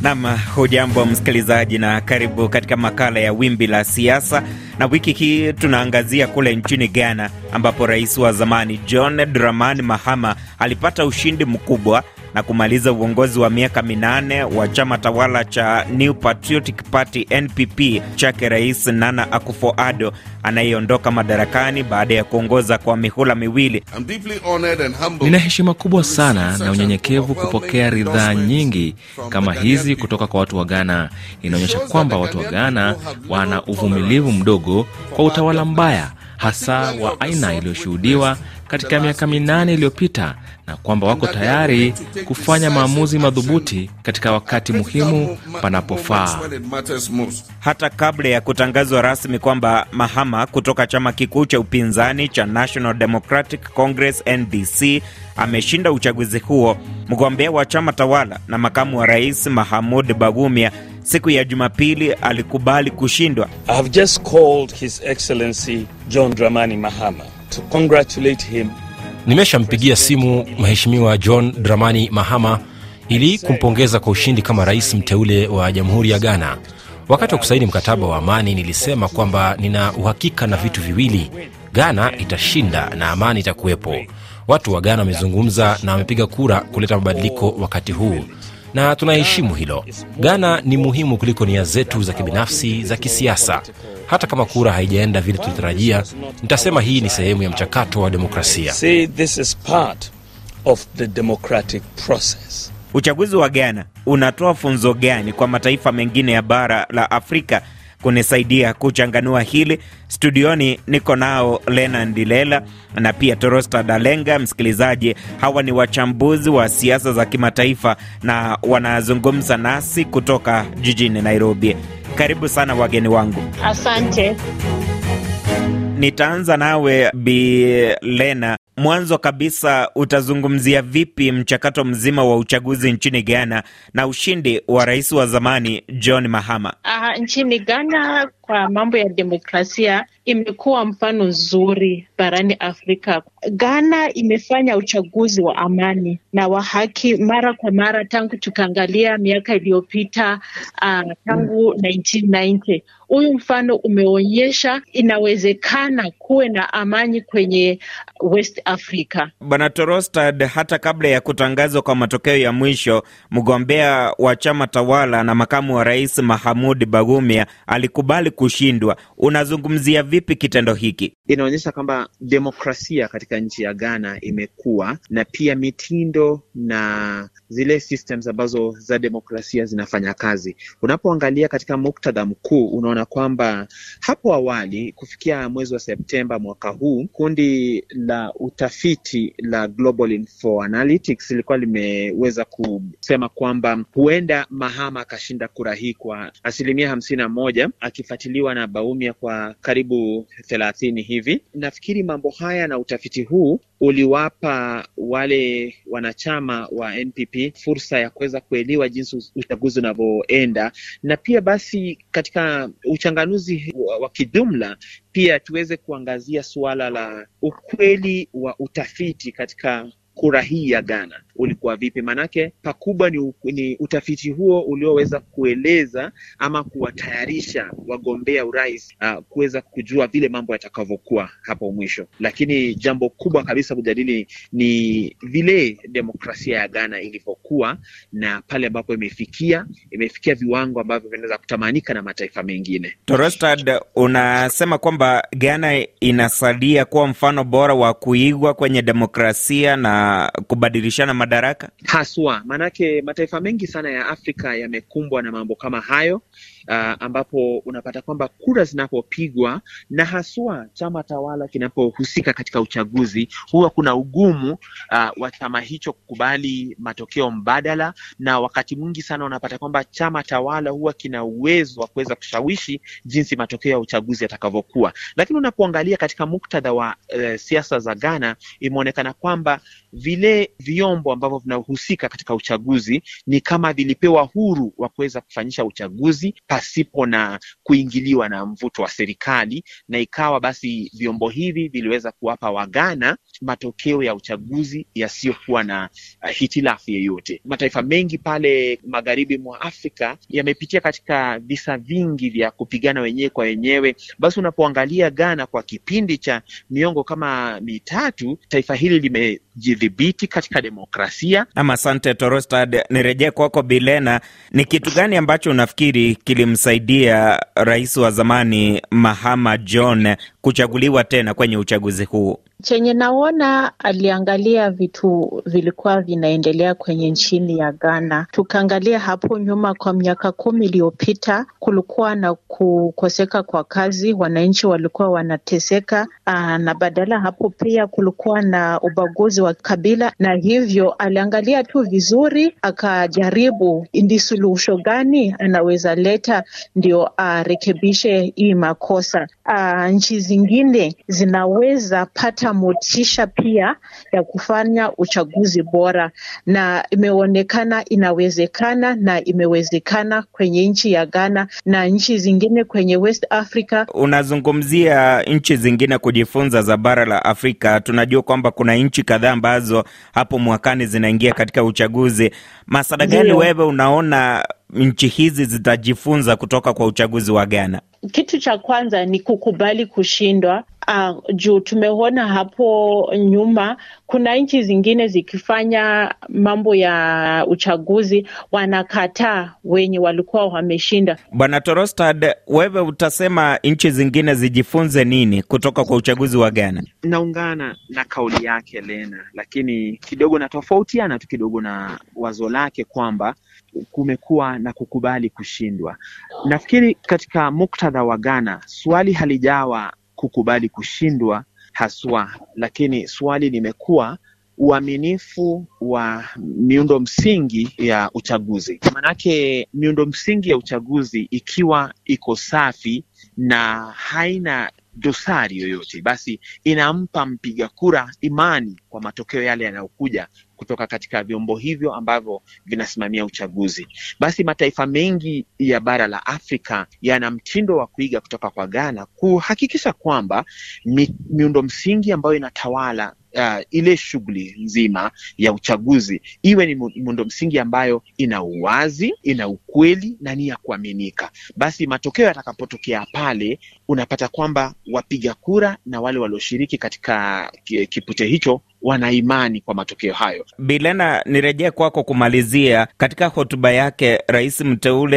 Nam, hujambo msikilizaji, na karibu katika makala ya wimbi la siasa. Na wiki hii tunaangazia kule nchini Ghana ambapo rais wa zamani John Dramani Mahama alipata ushindi mkubwa na kumaliza uongozi wa miaka minane wa chama tawala cha New Patriotic Party NPP chake Rais Nana Akufo-Addo anayeondoka madarakani baada ya kuongoza kwa mihula miwili. Nina heshima kubwa sana na unyenyekevu kupokea ridhaa nyingi kama hizi kutoka kwa watu wa Ghana. Inaonyesha kwamba watu wa Ghana wana uvumilivu mdogo kwa utawala mbaya hasa wa aina iliyoshuhudiwa katika miaka minane iliyopita na kwamba wako tayari kufanya maamuzi madhubuti katika wakati muhimu panapofaa. Hata kabla ya kutangazwa rasmi kwamba Mahama kutoka chama kikuu cha upinzani cha National Democratic Congress NDC ameshinda uchaguzi huo, mgombea wa chama tawala na makamu wa rais Mahamud bagumia siku ya Jumapili alikubali kushindwa. I have just called His Excellency John Dramani Mahama to congratulate him. Nimeshampigia simu Mheshimiwa John Dramani Mahama ili kumpongeza kwa ushindi kama rais mteule wa Jamhuri ya Ghana. Wakati wa kusaini mkataba wa amani, nilisema kwamba nina uhakika na vitu viwili: Ghana itashinda na amani itakuwepo. Watu wa Ghana wamezungumza na wamepiga kura kuleta mabadiliko wakati huu na tunaheshimu hilo. Ghana ni muhimu kuliko nia zetu za kibinafsi za kisiasa. Hata kama kura haijaenda vile tulitarajia, nitasema hii ni sehemu ya mchakato wa demokrasia. Uchaguzi wa Ghana unatoa funzo gani kwa mataifa mengine ya bara la Afrika kunisaidia kuchanganua hili. Studioni niko nao Lena Ndilela na pia Torosta Dalenga. Msikilizaji, hawa ni wachambuzi wa siasa za kimataifa na wanazungumza nasi kutoka jijini Nairobi. Karibu sana wageni wangu, asante. Nitaanza nawe Bi Lena, mwanzo kabisa utazungumzia vipi mchakato mzima wa uchaguzi nchini Ghana na ushindi wa rais wa zamani John Mahama? Aha, nchini Ghana kwa mambo ya demokrasia imekuwa mfano nzuri barani Afrika. Ghana imefanya uchaguzi wa amani na wa haki mara kwa mara tangu tukaangalia miaka iliyopita, uh, tangu 1990. Huyu mfano umeonyesha inawezekana kuwe na amani kwenye West Africa. Bwana Torostad, hata kabla ya kutangazwa kwa matokeo ya mwisho, mgombea wa chama tawala na makamu wa rais Mahamud Bagumia alikubali kushindwa. Unazungumzia vipi kitendo hiki? Inaonyesha kwamba demokrasia katika nchi ya Ghana imekuwa na pia mitindo na zile systems ambazo za demokrasia zinafanya kazi. Unapoangalia katika muktadha mkuu, unaona kwamba hapo awali kufikia mwezi wa Septemba mwaka huu, kundi la utafiti la Global Info Analytics lilikuwa limeweza kusema kwamba huenda Mahama akashinda kura hii kwa asilimia hamsini na moja akifuatia kufuatiliwa na Baumia kwa karibu thelathini hivi. Nafikiri mambo haya na utafiti huu uliwapa wale wanachama wa NPP fursa ya kuweza kuelewa jinsi uchaguzi unavyoenda, na pia basi katika uchanganuzi wa kijumla pia tuweze kuangazia suala la ukweli wa utafiti katika kura hii ya Ghana ulikuwa vipi? manake pakubwa ni, ni utafiti huo ulioweza kueleza ama kuwatayarisha wagombea urais uh, kuweza kujua vile mambo yatakavyokuwa hapo mwisho. Lakini jambo kubwa kabisa kujadili ni vile demokrasia ya Ghana ilivyokuwa na pale ambapo imefikia, imefikia viwango ambavyo vinaweza kutamanika na mataifa mengine. Torostad, unasema kwamba Ghana inasalia kuwa mfano bora wa kuigwa kwenye demokrasia na kubadilishana madaraka haswa, maanake mataifa mengi sana ya Afrika yamekumbwa na mambo kama hayo uh, ambapo unapata kwamba kura zinapopigwa na haswa chama tawala kinapohusika katika uchaguzi, huwa kuna ugumu uh, wa chama hicho kukubali matokeo mbadala, na wakati mwingi sana unapata kwamba chama tawala huwa kina uwezo wa kuweza kushawishi jinsi matokeo ya uchaguzi yatakavyokuwa. Lakini unapoangalia katika muktadha wa uh, siasa za Ghana, imeonekana kwamba vile vyombo ambavyo vinahusika katika uchaguzi ni kama vilipewa huru wa kuweza kufanyisha uchaguzi pa pasipo na kuingiliwa na mvuto wa serikali, na ikawa basi vyombo hivi viliweza kuwapa Waghana matokeo ya uchaguzi yasiyokuwa na eh, hitilafu yeyote. Mataifa mengi pale magharibi mwa Afrika yamepitia katika visa vingi vya kupigana wenyewe kwa wenyewe. Basi unapoangalia Ghana kwa kipindi cha miongo kama mitatu, taifa hili limejidhibiti katika demokrasia. Ama asante Torostad, nirejee kwako Bilena, ni kitu gani ambacho unafikiri ilimsaidia rais wa zamani Mahama John kuchaguliwa tena kwenye uchaguzi huu? Chenye naona aliangalia vitu vilikuwa vinaendelea kwenye nchini ya Ghana. Tukaangalia hapo nyuma, kwa miaka kumi iliyopita kulikuwa na kukoseka kwa kazi, wananchi walikuwa wanateseka, ah, na badala hapo pia kulikuwa na ubaguzi wa kabila, na hivyo aliangalia tu vizuri, akajaribu ndi suluhisho gani anaweza leta ndio arekebishe hii makosa. Ah, nchi zingine zinaweza pata kuleta motisha pia ya kufanya uchaguzi bora, na imeonekana inawezekana na imewezekana kwenye nchi ya Ghana na nchi zingine kwenye West Africa. Unazungumzia nchi zingine kujifunza za bara la Afrika. Tunajua kwamba kuna nchi kadhaa ambazo hapo mwakani zinaingia katika uchaguzi. Masada gani wewe unaona nchi hizi zitajifunza kutoka kwa uchaguzi wa Ghana? Kitu cha kwanza ni kukubali kushindwa. Uh, juu tumeona hapo nyuma kuna nchi zingine zikifanya mambo ya uchaguzi wanakataa wenye walikuwa wameshinda. Bwana Torostad, wewe utasema nchi zingine zijifunze nini kutoka kwa uchaguzi wa Ghana? Naungana na kauli yake Lena, lakini kidogo natofautiana tu kidogo na wazo lake kwamba kumekuwa na kukubali kushindwa. Nafikiri katika muktadha wa Ghana swali halijawa kukubali kushindwa haswa, lakini swali limekuwa uaminifu wa miundo msingi ya uchaguzi. Maanake miundo msingi ya uchaguzi ikiwa iko safi na haina dosari yoyote, basi inampa mpiga kura imani kwa matokeo yale yanayokuja kutoka katika vyombo hivyo ambavyo vinasimamia uchaguzi. Basi mataifa mengi ya bara la Afrika yana mtindo wa kuiga kutoka kwa Ghana kuhakikisha kwamba mi, miundo msingi ambayo inatawala uh, ile shughuli nzima ya uchaguzi iwe ni muundo msingi ambayo ina uwazi, ina ukweli na ni ya kuaminika. Basi matokeo yatakapotokea pale, unapata kwamba wapiga kura na wale walioshiriki katika kipute hicho wana imani kwa matokeo hayo. Bilena, nirejee kwako kumalizia. Katika hotuba yake, rais mteule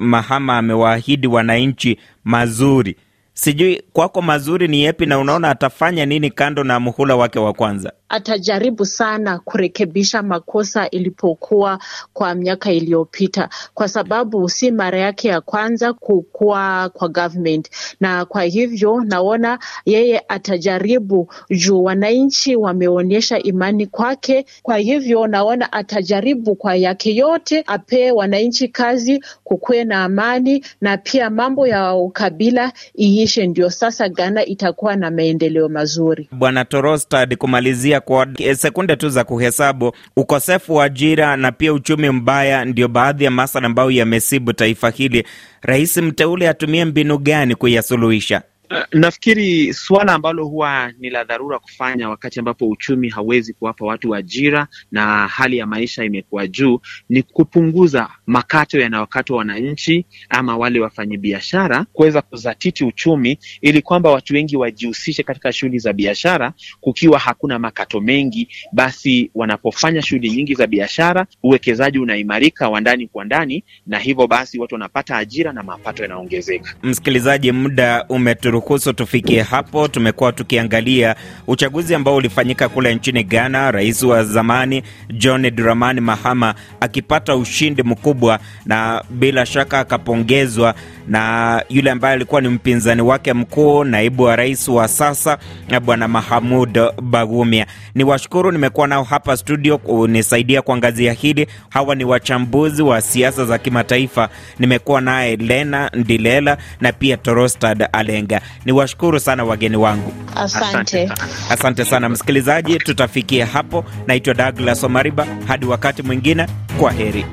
Mahama amewaahidi wananchi mazuri Sijui kwako mazuri ni yepi na unaona atafanya nini kando na muhula wake wa kwanza? atajaribu sana kurekebisha makosa ilipokuwa kwa miaka iliyopita, kwa sababu si mara yake ya kwanza kukua kwa government, na kwa hivyo naona yeye atajaribu juu wananchi wameonyesha imani kwake. Kwa hivyo naona atajaribu kwa yake yote, apee wananchi kazi, kukuwe na amani, na pia mambo ya ukabila iishe, ndio sasa Ghana itakuwa na maendeleo mazuri. Bwana Torostad, kumalizia pia kwa sekunde tu za kuhesabu. Ukosefu wa ajira na pia uchumi mbaya ndio baadhi ya masala ambayo yamesibu taifa hili. Rais mteule atumie mbinu gani kuyasuluhisha? Uh, nafikiri suala ambalo huwa ni la dharura kufanya wakati ambapo uchumi hawezi kuwapa watu ajira na hali ya maisha imekuwa juu ni kupunguza makato yanayokatwa wananchi ama wale wafanyibiashara kuweza kuzatiti uchumi ili kwamba watu wengi wajihusishe katika shughuli za biashara. Kukiwa hakuna makato mengi, basi wanapofanya shughuli nyingi za biashara, uwekezaji unaimarika wa ndani kwa ndani, na hivyo basi watu wanapata ajira na mapato yanaongezeka. Msikilizaji, muda umeturu kuruhusu tufikie hapo. Tumekuwa tukiangalia uchaguzi ambao ulifanyika kule nchini Ghana, rais wa zamani John Dramani Mahama akipata ushindi mkubwa na bila shaka akapongezwa na yule ambaye alikuwa ni mpinzani wake mkuu, naibu wa rais wa sasa Bwana Mahamud Bagumia. Ni washukuru, nimekuwa nao hapa studio kunisaidia kuangazia hili. Hawa ni wachambuzi wa siasa za kimataifa, nimekuwa naye Lena Ndilela na pia Torostad Alenga. Ni washukuru sana wageni wangu, asante. Asante sana msikilizaji, tutafikia hapo. Naitwa Douglas Omariba, hadi wakati mwingine, kwa heri.